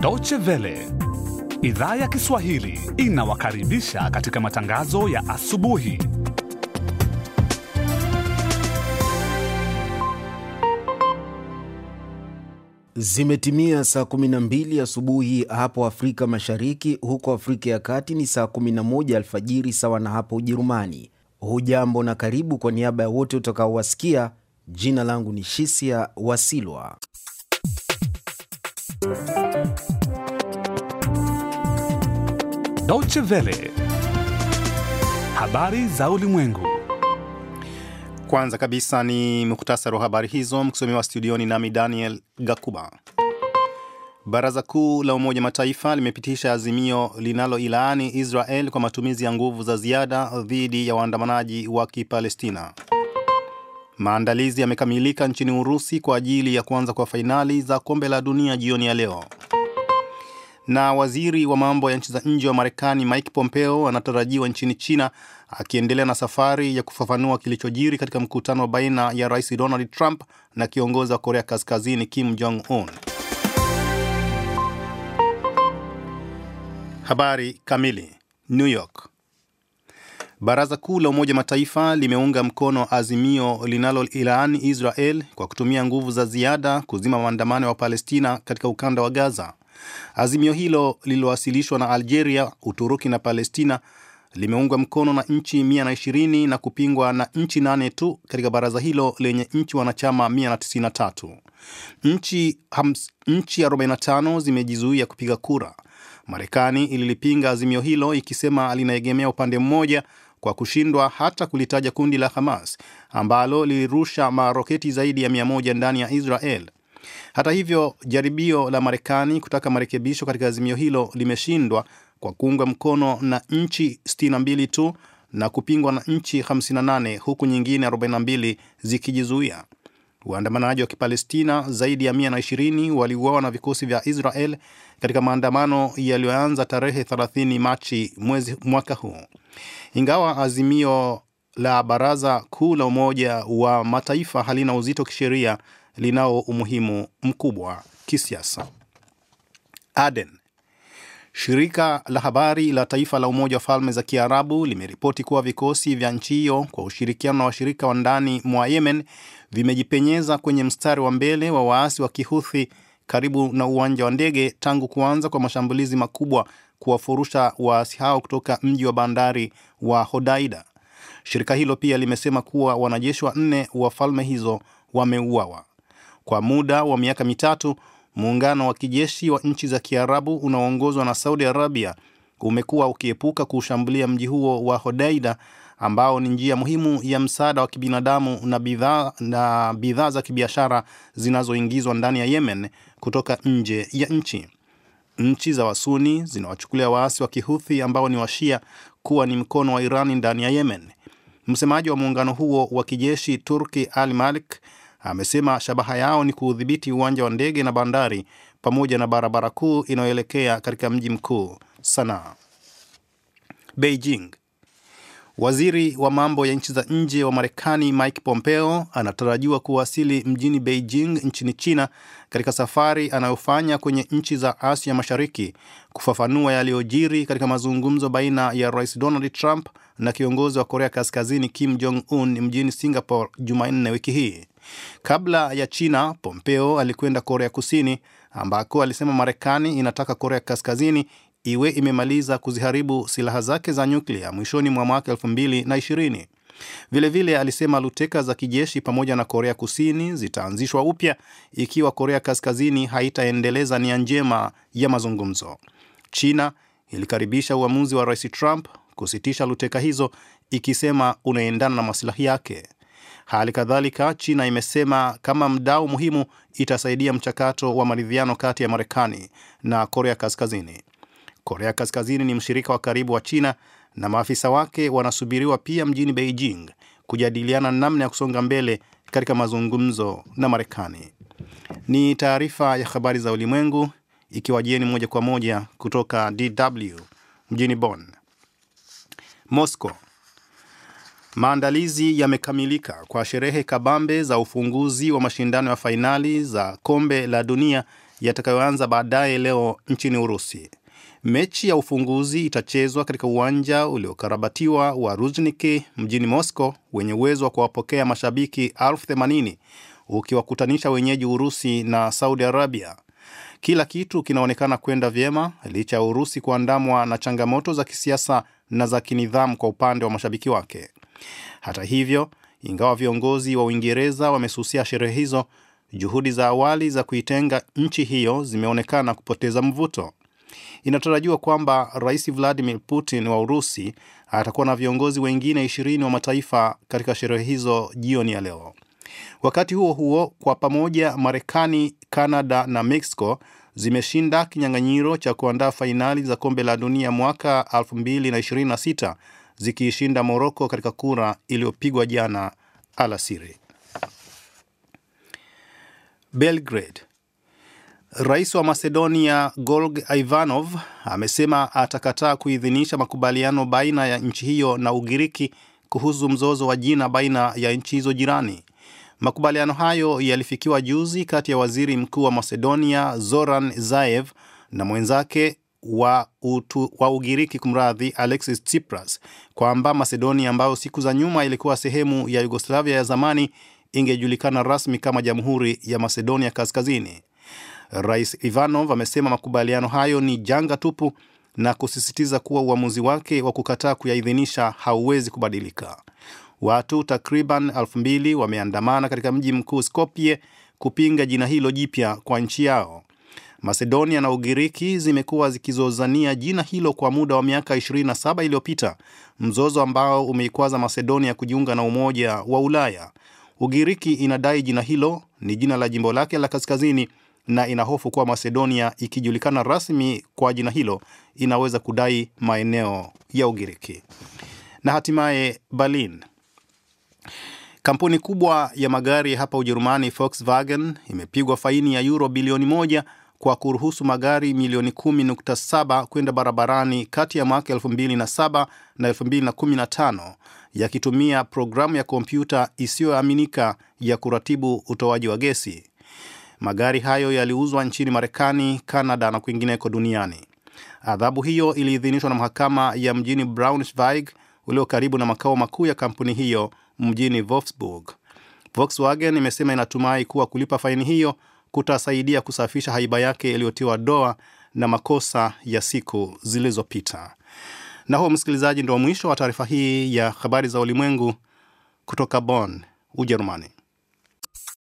Deutsche Welle idhaa ya Kiswahili inawakaribisha katika matangazo ya asubuhi. Zimetimia saa 12 asubuhi hapo Afrika Mashariki, huko Afrika ya Kati ni saa 11 alfajiri, sawa na hapo Ujerumani. Hujambo na karibu. Kwa niaba ya wote utakaowasikia Jina langu ni Shisia Wasilwa. dochevele habari za ulimwengu. Kwanza kabisa ni muktasari wa habari hizo, mkisomewa studioni nami Daniel Gakuba. Baraza Kuu la Umoja Mataifa limepitisha azimio linaloilaani Israel kwa matumizi ya nguvu za ziada dhidi ya waandamanaji wa Kipalestina. Maandalizi yamekamilika nchini Urusi kwa ajili ya kuanza kwa fainali za kombe la dunia jioni ya leo. Na waziri wa mambo ya nchi za nje wa Marekani Mike Pompeo anatarajiwa nchini China akiendelea na safari ya kufafanua kilichojiri katika mkutano baina ya Rais Donald Trump na kiongozi wa Korea Kaskazini Kim Jong Un. Habari kamili. New York. Baraza Kuu la Umoja Mataifa limeunga mkono azimio linaloilaani Israel kwa kutumia nguvu za ziada kuzima maandamano ya Wapalestina katika ukanda wa Gaza. Azimio hilo lililowasilishwa na Algeria, Uturuki na Palestina limeungwa mkono na nchi 120 na kupingwa na nchi nane tu katika baraza hilo lenye nchi wanachama 193. Nchi 45 zimejizuia kupiga kura. Marekani ililipinga azimio hilo ikisema linaegemea upande mmoja kwa kushindwa hata kulitaja kundi la Hamas ambalo lilirusha maroketi zaidi ya 1 ndani ya Israel. Hata hivyo, jaribio la Marekani kutaka marekebisho katika azimio hilo limeshindwa kwa kuungwa mkono na nchi 62 tu na kupingwa na nchi 58 huku nyingine 42 zikijizuia. Waandamanaji wa Kipalestina zaidi ya 120 waliuawa na vikosi vya Israel katika maandamano yaliyoanza tarehe 30 Machi mwezi mwaka huu. Ingawa azimio la Baraza Kuu la Umoja wa Mataifa halina uzito kisheria, linao umuhimu mkubwa kisiasa. Aden Shirika la habari la taifa la Umoja wa Falme za Kiarabu limeripoti kuwa vikosi vya nchi hiyo kwa ushirikiano na washirika wa ndani mwa Yemen vimejipenyeza kwenye mstari wa mbele wa waasi wa Kihuthi karibu na uwanja wa ndege tangu kuanza kwa mashambulizi makubwa kuwafurusha waasi hao kutoka mji wa bandari wa Hodaida. Shirika hilo pia limesema kuwa wanajeshi wanne wa falme hizo wameuawa kwa muda wa miaka mitatu. Muungano wa kijeshi wa nchi za Kiarabu unaoongozwa na Saudi Arabia umekuwa ukiepuka kuushambulia mji huo wa Hodeida ambao ni njia muhimu ya msaada wa kibinadamu na bidhaa na bidhaa za kibiashara zinazoingizwa ndani ya Yemen kutoka nje ya nchi. Nchi za Wasuni zinawachukulia waasi wa Kihuthi ambao ni Washia kuwa ni mkono wa Irani ndani ya Yemen. Msemaji wa muungano huo wa kijeshi Turki Al Malik amesema shabaha yao ni kuudhibiti uwanja wa ndege na bandari pamoja na barabara kuu inayoelekea katika mji mkuu Sanaa. Beijing. Waziri wa mambo ya nchi za nje wa Marekani Mike Pompeo anatarajiwa kuwasili mjini Beijing nchini China katika safari anayofanya kwenye nchi za Asia Mashariki kufafanua yaliyojiri katika mazungumzo baina ya Rais Donald Trump na kiongozi wa Korea Kaskazini Kim Jong Un mjini Singapore Jumanne wiki hii. Kabla ya China, Pompeo alikwenda Korea Kusini ambako alisema Marekani inataka Korea Kaskazini iwe imemaliza kuziharibu silaha zake za nyuklia mwishoni mwa mwaka 2020. Vilevile alisema luteka za kijeshi pamoja na Korea Kusini zitaanzishwa upya ikiwa Korea Kaskazini haitaendeleza nia njema ya mazungumzo. China ilikaribisha uamuzi wa Rais Trump kusitisha luteka hizo ikisema unaendana na masilahi yake. Hali kadhalika, China imesema kama mdau muhimu itasaidia mchakato wa maridhiano kati ya Marekani na Korea Kaskazini. Korea Kaskazini ni mshirika wa karibu wa China na maafisa wake wanasubiriwa pia mjini Beijing kujadiliana namna ya kusonga mbele katika mazungumzo na Marekani. Ni taarifa ya habari za ulimwengu ikiwajieni moja kwa moja kutoka DW mjini Bonn. Moscow Maandalizi yamekamilika kwa sherehe kabambe za ufunguzi wa mashindano ya fainali za kombe la dunia yatakayoanza baadaye leo nchini Urusi. Mechi ya ufunguzi itachezwa katika uwanja uliokarabatiwa wa Ruzhniki mjini Moscow wenye uwezo wa kuwapokea mashabiki elfu themanini ukiwakutanisha wenyeji Urusi na Saudi Arabia. Kila kitu kinaonekana kwenda vyema licha ya Urusi kuandamwa na changamoto za kisiasa na za kinidhamu kwa upande wa mashabiki wake. Hata hivyo, ingawa viongozi wa Uingereza wamesusia sherehe hizo, juhudi za awali za kuitenga nchi hiyo zimeonekana kupoteza mvuto. Inatarajiwa kwamba Rais Vladimir Putin wa Urusi atakuwa na viongozi wengine ishirini wa mataifa katika sherehe hizo jioni ya leo. Wakati huo huo, kwa pamoja Marekani, Kanada na Mexico zimeshinda kinyang'anyiro cha kuandaa fainali za kombe la dunia mwaka 2026 zikiishinda Moroko katika kura iliyopigwa jana alasiri. Belgrade. Rais wa Macedonia Golg Ivanov amesema atakataa kuidhinisha makubaliano baina ya nchi hiyo na Ugiriki kuhusu mzozo wa jina baina ya nchi hizo jirani. Makubaliano hayo yalifikiwa juzi kati ya waziri mkuu wa Macedonia Zoran Zaev na mwenzake wa, utu, wa Ugiriki kumradhi, Alexis Tsipras kwamba Macedonia ambayo siku za nyuma ilikuwa sehemu ya Yugoslavia ya zamani ingejulikana rasmi kama Jamhuri ya Macedonia Kaskazini. Rais Ivanov amesema makubaliano hayo ni janga tupu na kusisitiza kuwa uamuzi wake wa kukataa kuyaidhinisha hauwezi kubadilika. Watu takriban 20 wameandamana katika mji mkuu skopie kupinga jina hilo jipya kwa nchi yao. Masedonia na Ugiriki zimekuwa zikizozania jina hilo kwa muda wa miaka 27 iliyopita, mzozo ambao umeikwaza Masedonia kujiunga na Umoja wa Ulaya. Ugiriki inadai jina hilo ni jina la jimbo lake la kaskazini na inahofu kuwa Masedonia ikijulikana rasmi kwa jina hilo inaweza kudai maeneo ya Ugiriki. Na hatimaye Berlin. Kampuni kubwa ya magari hapa Ujerumani Volkswagen imepigwa faini ya yuro bilioni moja kwa kuruhusu magari milioni 10.7 kwenda barabarani kati ya mwaka 2007 na 2015 yakitumia programu ya kompyuta isiyoaminika ya kuratibu utoaji wa gesi. Magari hayo yaliuzwa nchini Marekani, Kanada na kwingineko duniani. Adhabu hiyo iliidhinishwa na mahakama ya mjini Braunschweig ulio karibu na makao makuu ya kampuni hiyo mjini Wolfsburg. Volkswagen imesema inatumai kuwa kulipa faini hiyo kutasaidia kusafisha haiba yake iliyotiwa doa na makosa ya siku zilizopita. Na huo, msikilizaji, ndio mwisho wa taarifa hii ya habari za ulimwengu kutoka Bonn, Ujerumani.